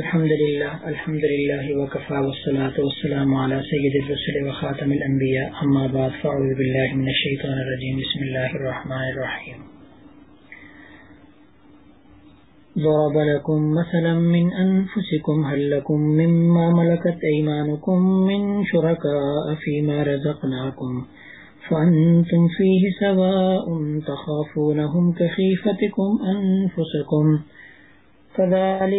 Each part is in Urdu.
الحمد لله الحمد لله وكفى والصلاة والسلام على سيد الرسل وخاتم الأنبياء أما بعد فأعوذ بالله من الشيطان الرجيم بسم الله الرحمن الرحيم ضرب لكم مثلا من أنفسكم هل لكم مما ملكت أيمانكم من شركاء فيما رزقناكم فأنتم فيه سواء تخافونهم كخيفتكم أنفسكم آخر گزشتہ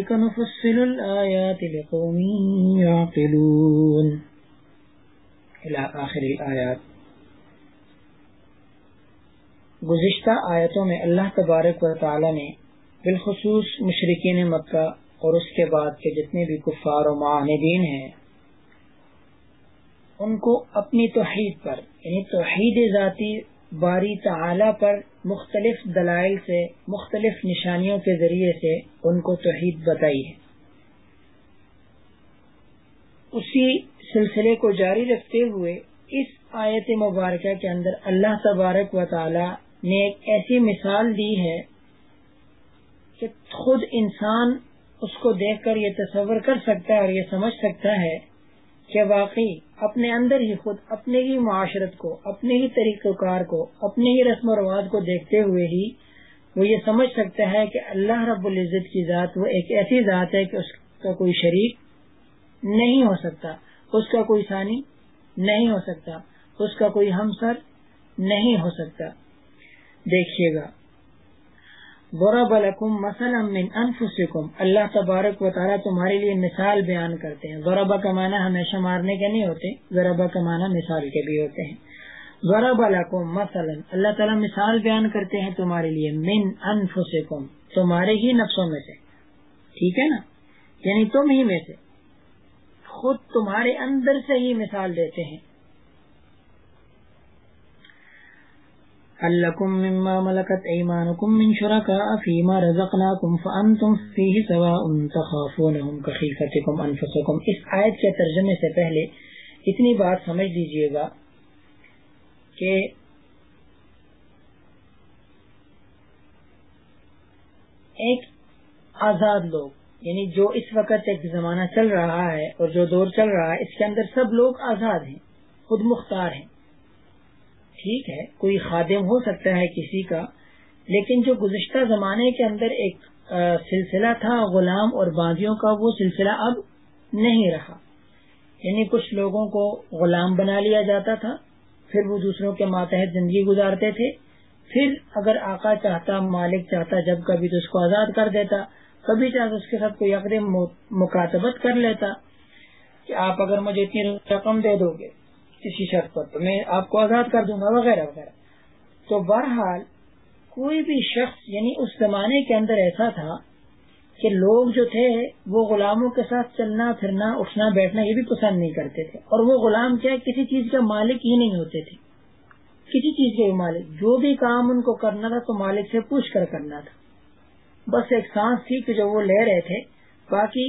آیتوں میں اللہ تبارک و تعالی نے بالخصوص مشرقین مکہ اور اس کے بعد کے جتنے بھی کفار و معاندین ہیں ان کو اپنی توحید پر یعنی توحید ذاتی باری تعالی پر مختلف دلائل سے مختلف نشانیوں کے ذریعے سے ان کو توحید بتائی ہے اسی سلسلے کو جاری رکھتے ہوئے اس آیت مبارکہ کے اندر اللہ تبارک و تعالی نے ایک ایسی مثال دی ہے کہ خود انسان اس کو دیکھ کر یہ تصور کر سکتا ہے اور یہ سمجھ سکتا ہے کہ واقعی اپنے اندر ہی خود اپنے ہی معاشرت کو اپنے ہی طریقہ کار کو اپنے ہی رسم و رواج کو دیکھتے ہوئے ہی وہ یہ سمجھ سکتا ہے کہ اللہ رب العزت کی ذات وہ ایک ایسی ذات ہے کہ اس کا کوئی شریک نہیں ہو سکتا اس کا کوئی ثانی نہیں ہو سکتا اس کا کوئی ہمسر نہیں ہو سکتا دیکھیے گا غوراب لکم مسلم من انفسکم اللہ تبارک و تعالیٰ تمہارے لیے مثال بیان کرتے ہیں غربا کا ہمیشہ مارنے کے نہیں ہوتے غربا کا مثال کے بھی ہوتے ہیں ذوراب القوم مسلم اللہ تعالیٰ مثال بیان کرتے ہیں تمہارے لیے من انفسکم تمہارے ہی نفسوں میں سے ٹھیک ہے نا یعنی تم ہی میں سے خود تمہارے اندر سے ہی مثال دیتے ہیں لَكُمْ مِمَّا مَلَكَتْ أَيْمَانُكُمْ مِنْ شُرَكَاءَ فِيمَا رَزَقْنَاكُمْ فَأَنْتُمْ فِيهِ سَوَاءٌ تَخَافُونَهُمْ كَخِيفَتِكُمْ أَنْفُسَكُمْ اس آیت کے ترجمے سے پہلے اتنی بات سمجھ لیجئے گا کہ ایک آزاد لوگ یعنی جو اس وقت ایک زمانہ چل رہا ہے اور جو دور چل رہا ہے اس کے اندر سب لوگ آزاد ہیں خود مختار ہیں ٹھیک ہے کوئی خادم ہو سکتا ہے کسی کا لیکن جو گزشتہ زمانے کے اندر ایک سلسلہ تھا غلام اور باندیوں کا وہ سلسلہ اب نہیں رہا یعنی کچھ لوگوں کو غلام بنا لیا جاتا تھا پھر وہ دوسروں کے ماتحت زندگی گزارتے تھے پھر اگر آقا چاہتا مالک چاہتا جب کبھی تو اس کو آزاد کر دیتا کبھی چاہتا اس کے ساتھ کوئی مکاتبت کر لیتا کہ آپ اگر مجھے اتنی رقم دے دو گے کسی شخص پر تو میں آپ کو آزاد کر دوں گا وغیرہ وغیرہ تو بہرحال کوئی بھی شخص یعنی اس زمانے کے اندر ایسا تھا کہ لوگ جو تھے وہ غلاموں کے ساتھ چلنا پھرنا اٹھنا بیٹھنا یہ بھی پسند نہیں کرتے تھے اور وہ غلام کیا کسی چیز کا مالک ہی نہیں ہوتے تھے کسی چیز کے بھی مالک جو بھی کام ان کو کرنا تھا تو مالک سے پوچھ کر کرنا تھا بس ایک سانس تھی کہ جو وہ لے رہے تھے باقی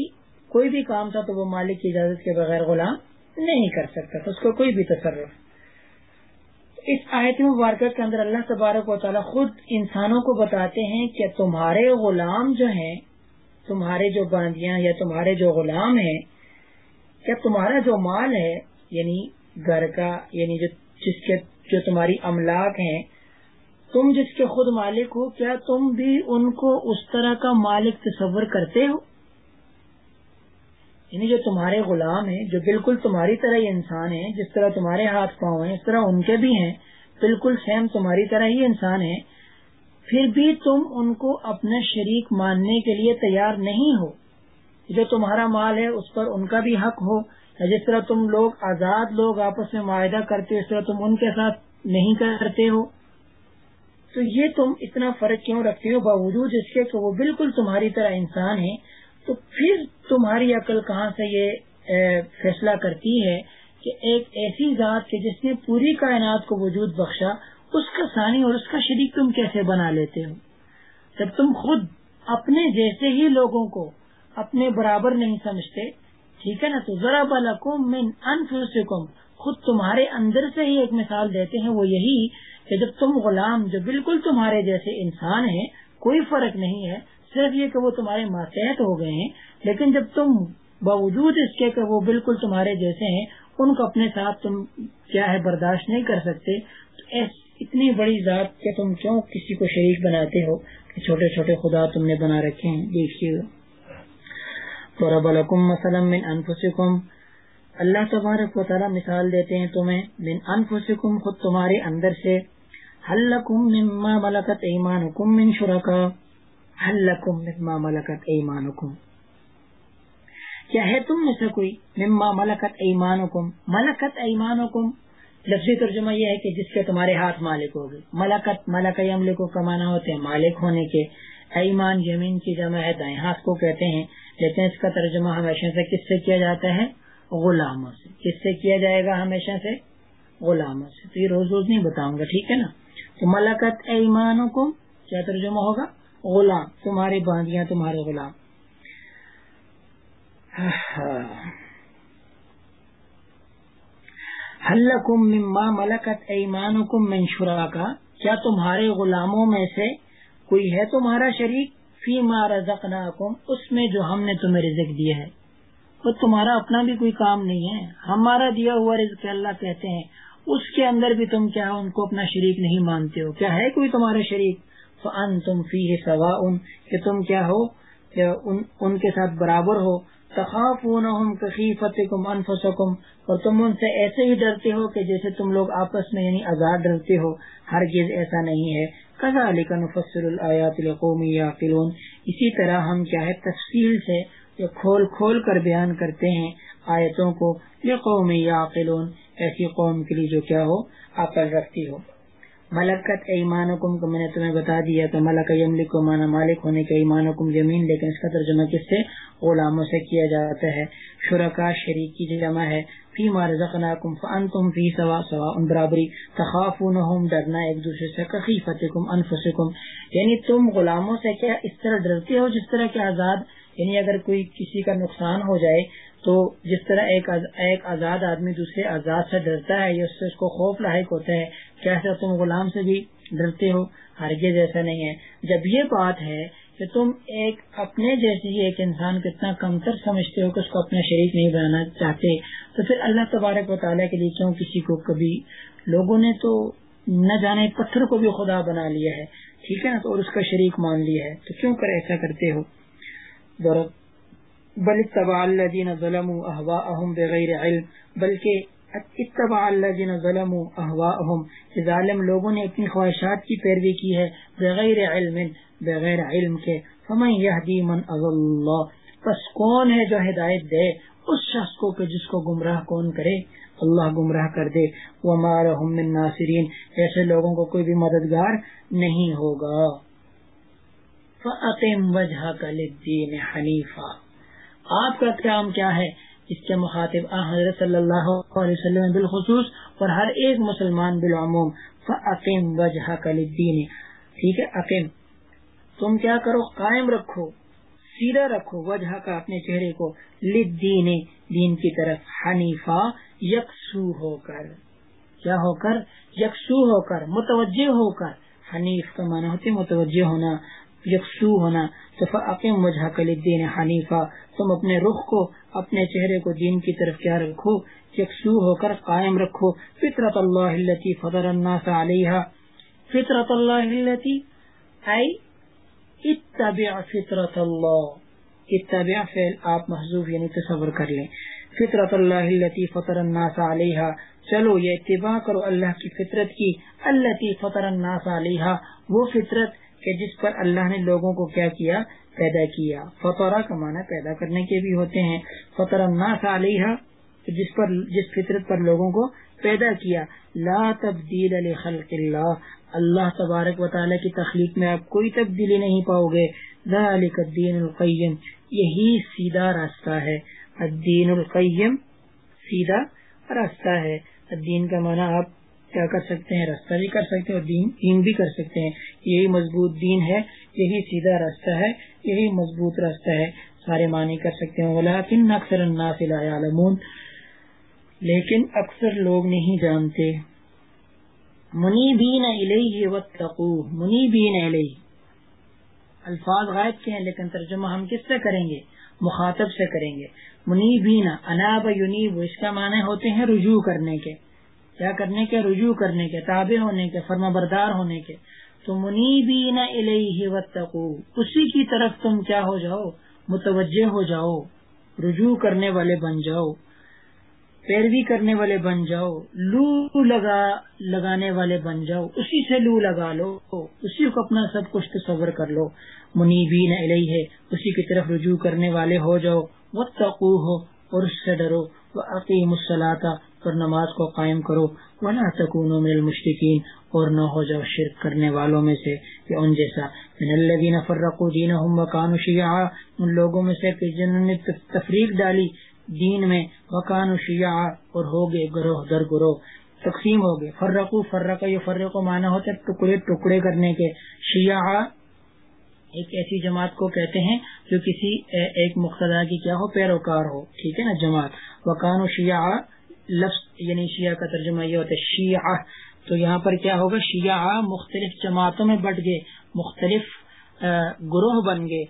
کوئی بھی کام تھا تو وہ مالک کی اجازت کے بغیر غلام نہیں کر سکتا اس کو کوئی بھی تصرف اس آیت مبارکہ کے اندر اللہ تبارک و تعالیٰ خود انسانوں کو بتاتے ہیں کہ تمہارے غلام جو ہیں تمہارے جو باندیاں یا تمہارے جو غلام ہیں یا تمہارا جو مال ہے یعنی گھر کا یعنی جو جس کے جو تمہاری املاک ہیں تم جس کے خود مالک ہو کیا تم بھی ان کو اس طرح کا مالک تصور کرتے ہو یعنی جو تمہارے غلام ہیں جو بالکل تمہاری طرح ہی انسان ہیں جس طرح تمہارے ہاتھ پاؤں ہیں اس طرح ان کے بھی ہیں بالکل سیم تمہاری طرح ہی انسان ہیں پھر بھی تم ان کو اپنے شریک ماننے کے لیے تیار نہیں ہو جو تمہارا مال ہے اس پر ان کا بھی حق ہو یا جس طرح تم لوگ آزاد لوگ آپس میں معاہدہ کرتے ہو اس طرح تم ان کے ساتھ نہیں کرتے ہو تو یہ تم اتنا فرق کیوں رکھتے ہو باوجود اس کے وہ بالکل تمہاری طرح انسان ہیں تو پھر تمہاری عقل کہاں سے یہ فیصلہ کرتی ہے کہ ایک ایسی ذات کے جس نے پوری کائنات کو وجود بخشا اس کا ثانی اور اس کا شریک تم کیسے بنا لیتے ہو جب تم خود اپنے جیسے ہی لوگوں کو اپنے برابر نہیں سمجھتے ٹھیک ہے نا تو ذرا بالکم میں خود تمہارے اندر سے ہی ایک مثال دیتے ہیں وہ یہی کہ جب تم غلام جو بالکل تمہارے جیسے انسان ہیں کوئی فرق نہیں ہے صرف یہ کہ وہ تمہارے ماتحت ہو گئے ہیں لیکن جب تم باوجود اس کے کہ وہ بالکل تمہارے جیسے ہیں ان کو اپنے ساتھ تم کیا ہے برداشت نہیں کر سکتے تو اتنی بڑی ذات کہ تم کیوں کسی کو شریک بناتے ہو کہ چھوٹے چھوٹے خدا تم نے بنا رکھے ہیں دیکھیے بن انفسکم اللہ تبارک و تعالیٰ مثال دیتے ہیں تمہیں بن انفسکم خود تمہارے اندر سے ملکت ایمان من شرکا حل مما ملکت ایمان کم کیا ہے تم میں سے کوئی مما ملکت ایمان کم ملکت ایمان کم لفظی ترجمہ یہ ہے کہ جس کے تمہارے ہاتھ مالک ہوگی ملکت ملک عملے کو کمانا ہوتے ہیں مالک ہونے کے ایمان یمین کی جمع ہے دائیں ہاتھ کو کہتے ہیں لیکن اس کا ترجمہ ہمیشہ سے کس سے کیا جاتا ہے غلاموں سے کس سے کیا جائے گا ہمیشہ سے غلاموں سے تو یہ روز روز نہیں بتاؤں گا ٹھیک ہے نا ملکت کو کیا ترجمہ ہوگا غلام تمہاری باندیاں تمہارے غلام حلکم مما ملکت ایمان من میں کا کیا تمہارے غلاموں میں سے کوئی ہے تمہارا شریک فی ما رزقناکم اس میں جو ہم نے تمہیں رزق دیا ہے وہ تمہارا اپنا بھی کوئی کام نہیں ہے ہمارا دیا ہوا رزق اللہ کہتے ہیں اس کے اندر بھی تم کیا ان کو اپنا شریک نہیں مانتے ہو کیا ہے کوئی تمہارا شریک فن تم فی سوا ان کہ تم کیا ہو ان ان کے ساتھ برابر ہو تخاف اور تم ان سے ایسے ہی ڈرتے ہو کہ جیسے تم لوگ آپس میں یعنی آزاد ڈرتے ہو ہر چیز ایسا نہیں ہے کزا علی کا نفسر الیات القومی یا اسی طرح ہم کیا ہے تفصیل سے کھول کھول کر بیان کرتے ہیں آیتوں کو قومی یا ایسی قوم کے لیے جو کیا ہو عقل رکھتی ہو ملکت ایمان حکم کو میں نے تمہیں بتا دیا کہ ملک املی کو مانا مالک ہونے کے ایمان حکم زمین لیکن اس کا ترجمہ کس سے غلاموں سے کیا جاتا ہے شرکا شریک کی جمع ہے فی مارزنا کم فن تم فی سوا سوا ان برابری تخاف ڈرنا ایک دوسرے سے کقیفت انفسکم یعنی تم غلاموں سے کیا اس طرح ڈرتے ہو جس طرح کے آزاد یعنی اگر کوئی کسی کا نقصان ہو جائے تو جس طرح ایک ایک آزاد آدمی دوسرے آزاد سے ڈرتا ہے یا اس اس سے کو خوف لاحق ہوتا ہے تم غلام سے بھی ڈرتے ہو ہرگز جیسا نہیں ہے جب یہ بات ہے کہ تم ایک اپنے جیسے ہی ایک انسان کو اتنا کم سمجھتے ہو کہ اس کو اپنا شریک نہیں بنانا چاہتے تو پھر اللہ تبارک و تعالیٰ کے لیے کیوں کسی کو کبھی لوگوں نے تو نہ جانے پتھر کو بھی خدا بنا لیا ہے ٹھیک ہے نا اور اس کا شریک مان لیا ہے تو کیوں کر ایسا کرتے ہو ضرورت بل اتبا اللہ جین ظلم احوا بغیر علم بلکہ اتبا اللہ جین ظلم احوا اہم ظالم لوگوں نے اپنی خواہشات کی پیروی کی ہے بغیر علم بغیر علم کے فمن یهدی من اللہ بس کون ہے جو ہدایت دے اس شخص کو کہ جس کو گمراہ کون کرے اللہ گمراہ کر دے وہ ہمارا ناصرین ایسے لوگوں کو کوئی بھی مددگار نہیں ہوگا فَأَقِمْ وَجْهَكَ لِلدِّينِ حَنِيفًا آپ کا قیام کیا ہے اس کے مخاطب حضرت صلی اللہ علیہ وسلم بالخصوص اور ہر ایک مسلمان بالعموم فعقیم وجہ کا ٹھیک ہے عقیم تم کیا کرو قائم رکھو سیدھا رکھو وجہ کا اپنے چہرے کو لدین دین کی طرف حنیفہ یکسو ہو کر کیا ہو کر یکسو ہو کر متوجہ ہو کر حنیف کا مانا ہوتے متوجہ ہونا یکسو ہونا تو وجہ کل دین حنیفہ تم اپنے رخ کو اپنے چہرے کو دین کی طرف کیا رکھو یکسو ہو کر قائم رکھو فطرت اللہ فطر الناس علیہ فطرت اللہ اتبع فطرت اللہ اتبع فعل آپ محضوب یعنی تصور کر لیں فطرت اللہ التی فطر الناس علیہ چلو یہ اتباع کرو اللہ کی فطرت کی اللہ کی الناس علیہ وہ فطرت کہ جس پر اللہ نے لوگوں کو کیا کیا پیدا کیا فطورہ کا معنی پیدا کرنے کے بھی ہوتے ہیں الناس علیہ جس پر جس فطرت پر لوگوں کو پیدا کیا لا تبدیل اللہ اللہ تبارک و تعالیٰ کی تخلیق میں آپ کوئی تبدیلی نہیں پاؤ گے ذالک الدین القیم یہی سیدھا راستہ ہے الدین القیم سیدھا راستہ ہے الدین کا معنی آپ کیا کر سکتے ہیں راستہ بھی کر سکتے ہیں اور دین دین بھی کر سکتے ہیں یہی مضبوط دین ہے یہی سیدھا راستہ ہے یہی مضبوط راستہ ہے سارے معنی کر سکتے ہیں ولیکن اکثر الناس لا لیکن اکثر لوگ نہیں جانتے منیبین الیہ یہ منیبین الیہ الفاظ غائب کے ہیں لیکن ترجمہ ہم کس سے کریں گے مخاطب سے کریں گے منیبین اناب انا یونیب اس کا معنی ہوتے ہیں رجوع کرنے کے کیا کرنے کے رجوع کرنے کے تابع ہونے کے فرما بردار ہونے کے تو منی بھی نہ اسی کی طرف تم کیا ہو جاؤ متوجہ ہو جاؤ رجوع کرنے والے بن جاؤ پیروی کرنے والے بن جاؤ لو لگا لگانے والے بن جاؤ اسی سے لو لگا لو اسی کو اپنا سب کچھ تصور کر لو منی بھی نہ اسی کی طرف رجوع کرنے والے ہو جاؤ وہ ہو اور اس سے ڈرو عقیم السلاتا اور نماز کو قائم کرو بنا مل مشقین اور نہ ہو جاؤ شرک کرنے والوں میں سے کہ ان جیسا من فر فرقو دینا قانو سیاح ان لوگوں میں سے کہ جنہوں نے تفریق ڈالی دین میں وکان و اور ہو گئے گروہ در گروہ تقسیم ہو گئے فرقو یہ فرق و معنی ہوتا ہے ٹکڑے ٹکڑے کرنے کے شیعہ ایک ایسی جماعت کو کہتے ہیں جو کسی ایک مقتدا کی کیا ہو پیروکار ہو ٹھیک ہے نا جماعت وکان و شیعہ لفظ یعنی شیعہ کا ترجمہ یہ ہوتا ہے شیعہ تو یہاں پر کیا ہوگا شیعہ مختلف جماعتوں میں بٹ گئے مختلف گروہ بن گئے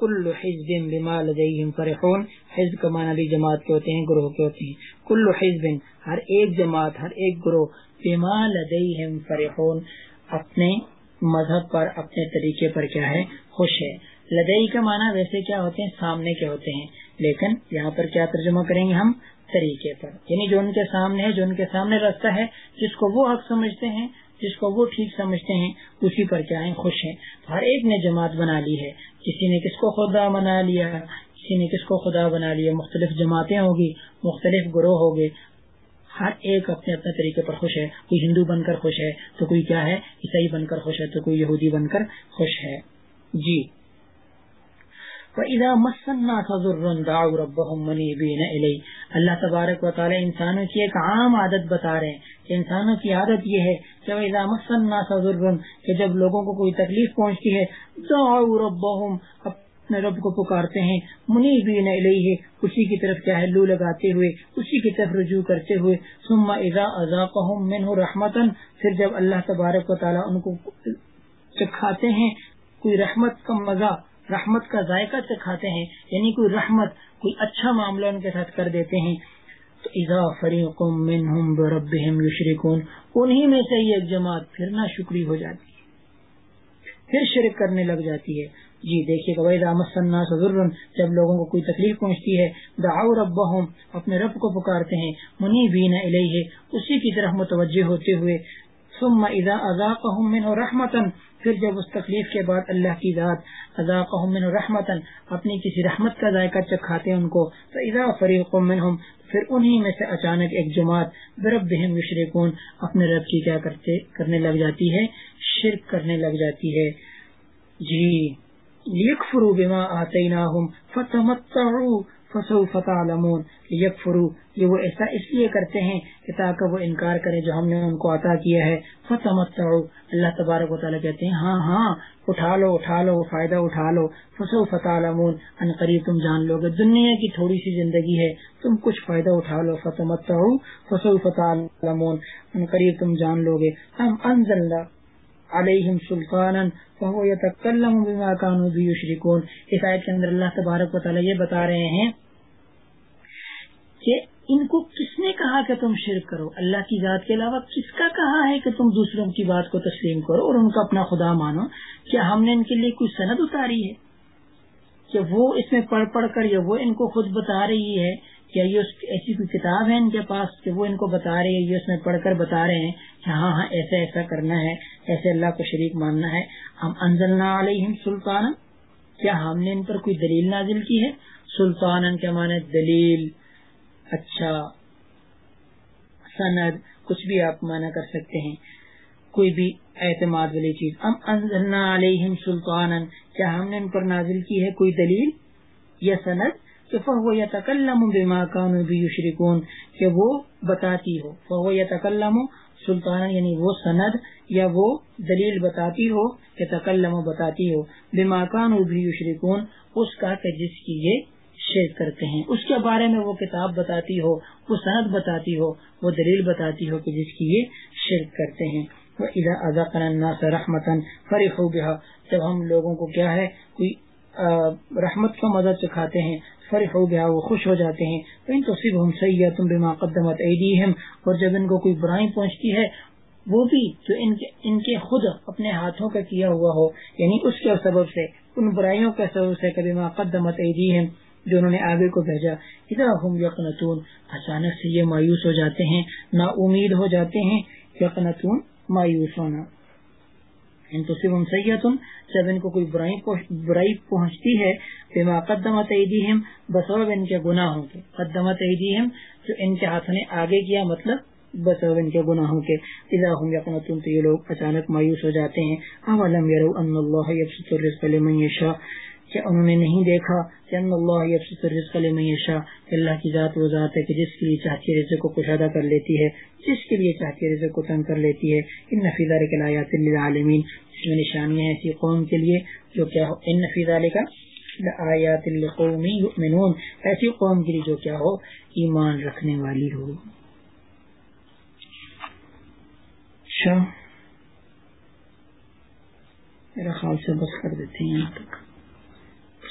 کل حزب بما لدیہم فرحون حزب کا معنی بھی جماعت کے ہوتے ہیں گروہ کے ہوتے ہیں کل حزب ہر ایک جماعت ہر ایک گروہ بما لدیہم فرحون اپنے مذہب پر اپنے طریقے پر کیا ہے خوش ہے لدئی کا معنی ویسے کیا ہوتے ہیں سامنے کے ہوتے ہیں لیکن یہاں پر کیا ترجمہ کریں گے ہم طریقے پر یعنی جو ان کے سامنے ہے جو ان کے سامنے راستہ ہے جس کو وہ حق سمجھتے ہیں جس کو وہ ٹھیک سمجھتے ہیں اسی پر کیا ہیں خوش ہیں تو ہر ایک نے جماعت بنا لی ہے کسی نے کس کو خدا بنا لیا کسی نے کس کو خدا بنا لیا مختلف جماعتیں ہوگی مختلف گروہ گئے ہر ایک اپنے اپنے طریقے پر خوش ہے کوئی ہندو بن کر خوش ہے تو کوئی کیا ہے عیسائی بن کر خوش ہے تو کوئی یہودی بن کر خوش ہے جی وَإِذَا مَسَّنَّا تَضُرٌّ دَعَوْا رَبَّهُمْ مُنِيبِينَ إِلَيْهِ اللہ تبارک و تعالی انسانوں کی ایک عام عادت بتا رہے ہیں کہ انسانوں کی عادت یہ ہے کہ وَإِذَا مَسَّنَّا تَضُرٌّ کہ جب لوگوں کو کوئی تکلیف پہنچتی ہے دَعَوْا رَبَّهُمْ اپنے رب کو پکارتے ہیں منیبین الیہ اسی کی طرف چہلو لگاتے ہوئے اسی کی طرف رجوع کرتے ہوئے ثم اذا اذاقهم منه رحمتا پھر جب اللہ تبارک و تعالی ان کو چکھاتے ہیں کوئی رحمت کا مزہ رحمت کا ذائقہ چکھاتے ہیں یعنی کوئی رحمت کوئی اچھا معاملہ ان کے ساتھ کر دیتے ہیں تو یشرکون انہی میں سے جماعت پھر نہ شکری ہو جاتی ہے پھر شرک کرنے لگ جاتی ہے جی دیکھیے مسا سن جب لوگوں کو کوئی تکلیف پہنچتی ہے دعاؤ رب اپنے رب کو پکارتے ہیں منی بھی نہ ثم اذا اذاقهم رحمتا پھر جب اس تکلیف کے بعد اللہ کی ذات اذاقهم منه رحمتا اپنی کسی رحمت کا ذائقہ چکھاتے ان کو تو اذا فریق منهم پھر انہی میں سے اچانک ایک جماعت ذرب بہن اپنے رب کی کیا کرتے کرنے لگ جاتی ہے شرک کرنے لگ جاتی ہے جی لیکفروا بما نہ فتمتعوا فصو فتح لمون یک فرو یہ وہ ایسا اس لیے کرتے ہیں کہ تاکہ وہ انکار کرے جو ہم نے ان کو عطا کیا ہے فتح مت اللہ تبارک و تعالیٰ کہتے ہیں ہاں ہاں اٹھا لو اٹھا لو فائدہ اٹھا لو فصو فتح لمون قریب تم جان لو گے دنیا کی تھوڑی سی زندگی ہے تم کچھ فائدہ اٹھا لو فتح مت فتح علمون ان قریب تم جان لو گے ہم علیہم سلطان کے اندر اللہ تبارک و تعالیٰ یہ بتا رہے ہیں کہ ان کو کس نے کہا کہ تم شرک کرو اللہ کی ذات کے علاوہ کس کا کہا ہے کہ تم دوسروں کی بات کو تسلیم کرو اور ان کا اپنا خدا مانو کیا ہم نے ان کے لیے کوئی سند اتاری ہے کہ وہ اس میں پڑھ پڑھ کر یا وہ ان کو خود بتا رہی ہے یا یہ ایسی کوئی کتاب ہے ان کے پاس کہ وہ ان کو بتا رہی ہے یہ اس میں پڑھ کر بتا رہے ہیں کہ ہاں ہاں ایسا ایسا کرنا ہے جیسے اللہ کو شریک ماننا ہے ہم انزلنا علیہ سلطان کیا ہم نے ان پر کوئی دلیل نازل کی ہے سلطان کیا مانے دلیل اچھا سند کچھ بھی آپ مانا کر سکتے ہیں کوئی بھی اعتماد والی چیز ہم علیہم سلطان کیا ہم نے ان پر نازل کی ہے کوئی دلیل یا سند تو فو یا تکلام بیما کانوی کون کہ وہ بتاتی ہو فو یا تکلام سلطان یعنی وہ سند یا وہ دلیل بتاتی ہو یا تکلم بتاتی ہو بے مکان کون اس کا کہ جس کی یہ شیر کرتے ہیں اس کے بارے میں وہ کتاب بتاتی ہو وہ سند بتاتی ہو وہ دلیل بتاتی ہو کہ جس کی یہ شیر کرتے ہیں وہ کرنا ازاکر فریق ہو گیا جب ہم لوگوں کو کیا ہے کوئی رحمت کا مدد چکھاتے ہیں فرح ہو گیا وہ خوش ہو جاتے ہیں ان تو صرف ہم تم بھی ماقدمت اور جب ان کو کوئی برائی پہنچتی ہے وہ بھی ان کے ان کے خود اپنے ہاتھوں کا کیا ہوا ہو یعنی اس کے سبب سے ان برائیوں کے سبب سے کبھی ماں قدمت جو انہوں نے آگے کو بھیجا ادھر ہوں یقنتون اچانک سے یہ مایوس ہو جاتے ہیں نا امید ہو جاتے ہیں یقنتون مایوس ہونا ان تو صرف سیاتن جب ان کو کوئی برائی, پہنچ برائی پہنچتی ہے بے مقدمہ تعیدیم بسور ان کے گناہوں کے مقدمہ تعیدیم جو ان کے ہاتھوں نے آگے کیا مطلب بس ان کے گناہوں کے ادا ہوں گے اپنا تم تو یہ لوگ اچانک مایوس ہو جاتے ہیں ہم علم یرو ان اللہ یبسط الرزق لمن یشاء کہ انہوں نے نہیں دیکھا کہ ان اللہ کہ اللہ کی ذات وہ ذات ہے کہ جس کے لیے چاہتی رزق کو کشادہ کر لیتی ہے جس کے لیے چاہتی رزق کو تنگ کر لیتی ہے ان نفیز علیہ کے عالمین اس میں نشانیاں ایسی قوم کے لیے جو کیا ہو ان نفیز علیہ آیات القومی یؤمنون ایسی قوم کے لیے جو کیا ہو ایمان رکھنے والی ہو اچھا۔ میرا خیال سے بس کر دیتے ہیں یہاں تک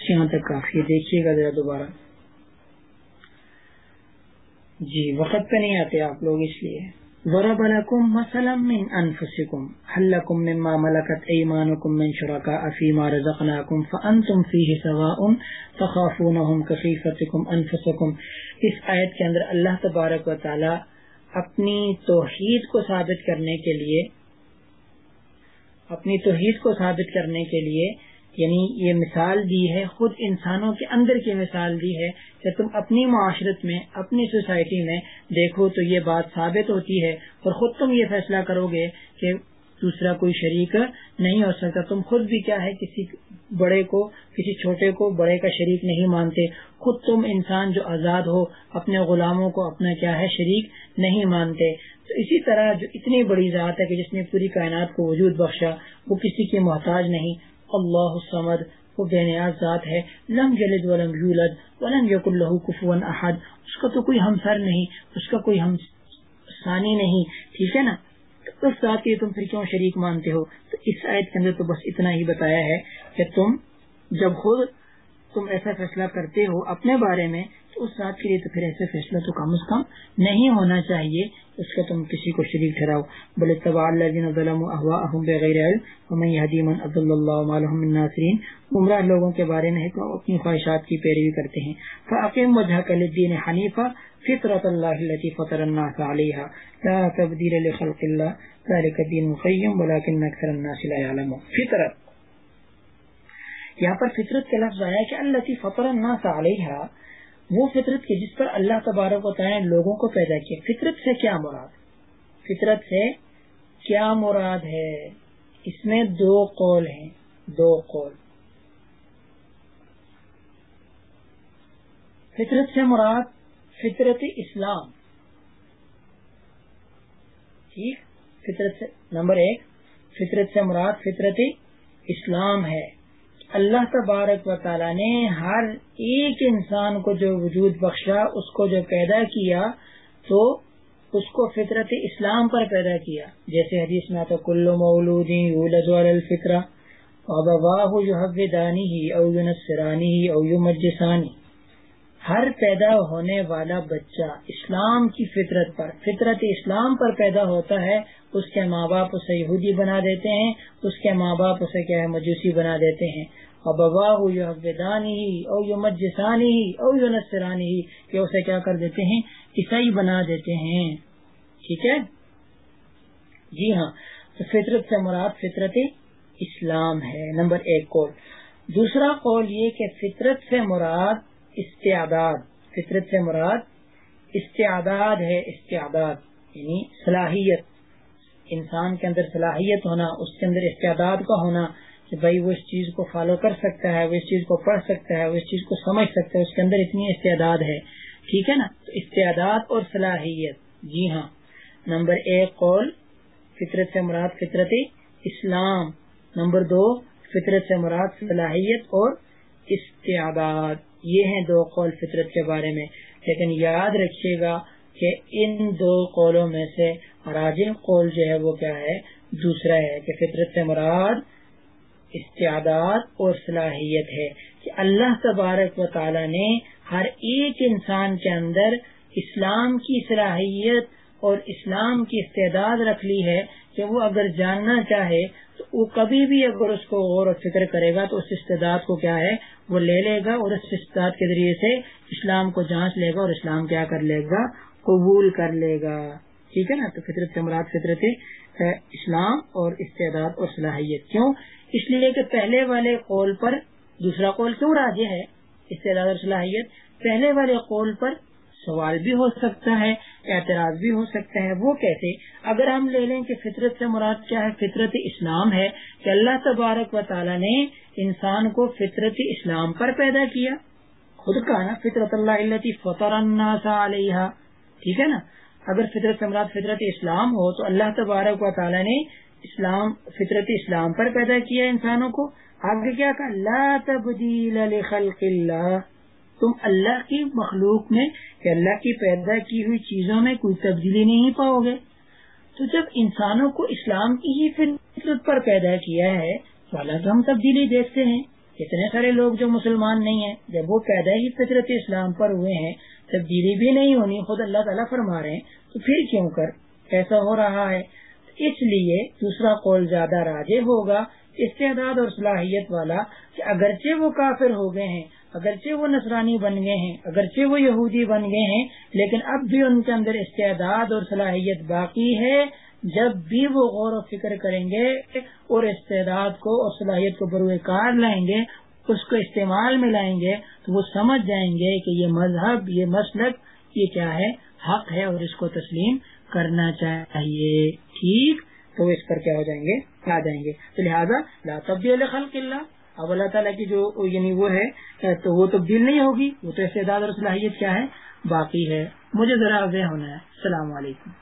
یہاں تک کافی ہے دیکھیے گا ذرا دوبارہ جی وقت پہ نہیں آتے آپ لوگ اس لیے ورکمن کے اندر اللہ تبارک و تعالی اپنی توحید کو ثابت کرنے کے لیے اپنی توحید کو ثابت کرنے کے لیے یعنی یہ مثال دی ہے خود انسانوں کے اندر کی مثال دی ہے کہ تم اپنی معاشرت میں اپنی سوسائٹی میں دیکھو تو یہ بات ثابت ہوتی ہے اور خود تم یہ فیصلہ کرو گے کہ دوسرا کوئی شریک نہیں ہو سکتا تم خود بھی کیا ہے کسی بڑے کو کسی چھوٹے کو بڑے کا شریک نہیں مانتے خود تم انسان جو آزاد ہو اپنے غلاموں کو اپنا کیا ہے شریک نہیں مانتے تو اسی طرح جو اتنی بڑی ذات ہے کہ جس نے پوری کائنات کو وجود بخشا وہ کسی کے محتاج نہیں اللہ وہ بے نیاز ذات ہے لم جلد یولد یق اللہ احد اس کا تو کوئی ہم سر نہیں اس کا کوئی ہم ثانی نہیں ٹھیک ہے نا اس ذات کے تم پھر کیوں شریک مانتے ہو تو اس آیت کے اندر تو بس اتنا ہی بتایا ہے کہ تم جب خود تم ایسا فیصلہ کرتے ہو اپنے بارے میں اس رات کے لیے تو پھر ایسے فیصلہ تو کم از کم نہیں ہونا چاہیے اس کا تم کسی کو شریک ٹھہراؤ بولے طبع اللہ بغیر ناصرین عمرہ لوگوں کے بارے میں تو اپنی خواہشات کی پیروی کرتے ہیں فاقیم وجہ کلین حنیفہ فطرت اللہ اللہ فطر الناس علیہ لا تبدیل لخلق اللہ ذالک الدین مخیم ولیکن اکثر الناس لا علم فطرت یہاں پر فطرت کے لفظ آیا کہ اللہ فطر الناس علیہ وہ فطرت کی جس پر اللہ تبارک و تعالیٰ لوگوں کو پیدا کیا فطرت سے کیا مراد فطرت سے کیا مراد ہے اس میں دو قول ہیں دو قول فطرت سے مراد فطرت اسلام ٹھیک فطرت سے نمبر ایک فطرت سے مراد فطرت اسلام ہے اللہ تبارک و تعالی نے ہر ایک انسان کو جو وجود بخشا اس کو جو پیدا کیا تو اس کو فطرت اسلام پر پیدا کیا جیسے حدیث میں تو کلو مولود الفطرہ باہ یحبدانی او ینصرانی اویو مجسانی ہر پیدا ہونے والا بچہ اسلام کی فطرت پر فطرت اسلام پر پیدا ہوتا ہے اس کے ماں باپ اسے یہودی بنا دیتے ہیں اس کے ماں باپ اسے کیا ہے مجوسی بنا دیتے ہیں اور ببا ہو یو حقانی اور اسے کیا کر دیتے ہیں عیسائی بنا دیتے ہیں ٹھیک ہے جی ہاں تو فطرت سے مراد فطرت اسلام ہے نمبر ایک کو دوسرا قول یہ کہ فطرت سے مراد استعداد فطرت سے مراد استعداد ہے استعداد یعنی صلاحیت انسان کے اندر صلاحیت ہونا اس کے اندر استعداد کا ہونا کہ بھائی وہ اس چیز کو فالو کر سکتا ہے وہ اس چیز کو پڑھ سکتا ہے وہ اس چیز کو سمجھ سکتا ہے اس کے اندر اتنی استعداد ہے ٹھیک ہے نا استعداد اور صلاحیت جی ہاں نمبر ایک قول فطرت سے مراد فطرت اسلام نمبر دو فطرت سے مراد صلاحیت اور استعداد یہ ہیں دو قول فطرت کے بارے میں لیکن یاد رکھیے گا کہ ان دو قولوں میں سے راجم قول جو ہے وہ کیا ہے دوسرا ہے کہ فطرت سے مراد استعداد اور صلاحیت ہے کہ اللہ تبارک و تعالی نے ہر ایک انسان کے اندر اسلام کی صلاحیت اور اسلام کی استعداد رکھ لی ہے کہ وہ اگر جاننا چاہے تو وہ کبھی بھی اگر اس کو غور و فکر کرے گا تو اس استداد کو کیا ہے وہ لے لے گا اور اس استداد کے ذریعے سے اسلام کو جانچ لے گا اور اسلام کیا کر لے گا قبول کر لے گا ٹھیک ہے نا تو فطرت سے مراد فطرت اسلام اور استعداد اور صلاحیت کیوں اس لیے کہ پہلے والے قول پر دوسرا قول کیوں راجیہ ہے استعداد اور صلاحیت پہلے والے قول پر سوال بھی ہو سکتا ہے اعتراض بھی ہو سکتا ہے وہ کیسے اگر ہم لے لیں کہ فطرت سے مراد کیا ہے فطرت اسلام ہے کہ اللہ تبارک و تعالیٰ نے انسان کو فطرت اسلام پر پیدا کیا خود کا نا فطرت اللہ اللہ فطر علیہ ٹھیک ہے نا اگر فطرت سے مراد فطرت اسلام ہو تو اللہ تبارک و تعالیٰ نے اسلام فطرت اسلام پر پیدا کیا انسانوں کو آگے کیا کہا لا تبدیل لخلق اللہ تم اللہ کی مخلوق میں اللہ کی پیدا کی ہوئی چیزوں میں کوئی تبدیلی نہیں پاؤ گے تو جب انسانوں کو اسلام کی ہی فطرت پر پیدا کیا ہے تو الگ ہم تبدیلی دیکھتے ہیں اتنے سارے لوگ جو مسلمان نہیں ہیں جب وہ پیدا ہی فطرت اسلام پر ہوئے ہیں تبدیلی بھی نہیں ہونی خود اللہ تعالیٰ فرما رہے ہیں تو پھر کیوں کر کیسا ہو رہا ہے اس لیے دوسرا قول زیادہ راجے ہوگا استعداد اور صلاحیت والا کہ اگرچہ وہ کافر ہو گئے ہیں اگرچہ وہ نصرانی بن گئے ہیں اگرچہ وہ یہودی بن گئے ہیں لیکن اب بھی ان کے اندر استعداد اور صلاحیت باقی ہے جب بھی وہ غور و فکر کریں گے اور استعداد کو اور صلاحیت کو بروئے کار لائیں گے اس کو استعمال میں لائیں گے تو وہ سمجھ جائیں گے کہ یہ مذہب یہ مسلک یہ کیا ہے حق ہے اور اس کو تسلیم کرنا چاہیے ٹھیک تو اس پر کیا ہو جائیں گے آ جائیں گے تو لہٰذا خلق اللہ اب اللہ تعالیٰ کی جو یعنی وہ ہے تو وہ تبدیل نہیں ہوگی وہ تو استعداد اور صلاحیت کیا ہے باقی ہے مجھے ذرا ہونا ہے السلام علیکم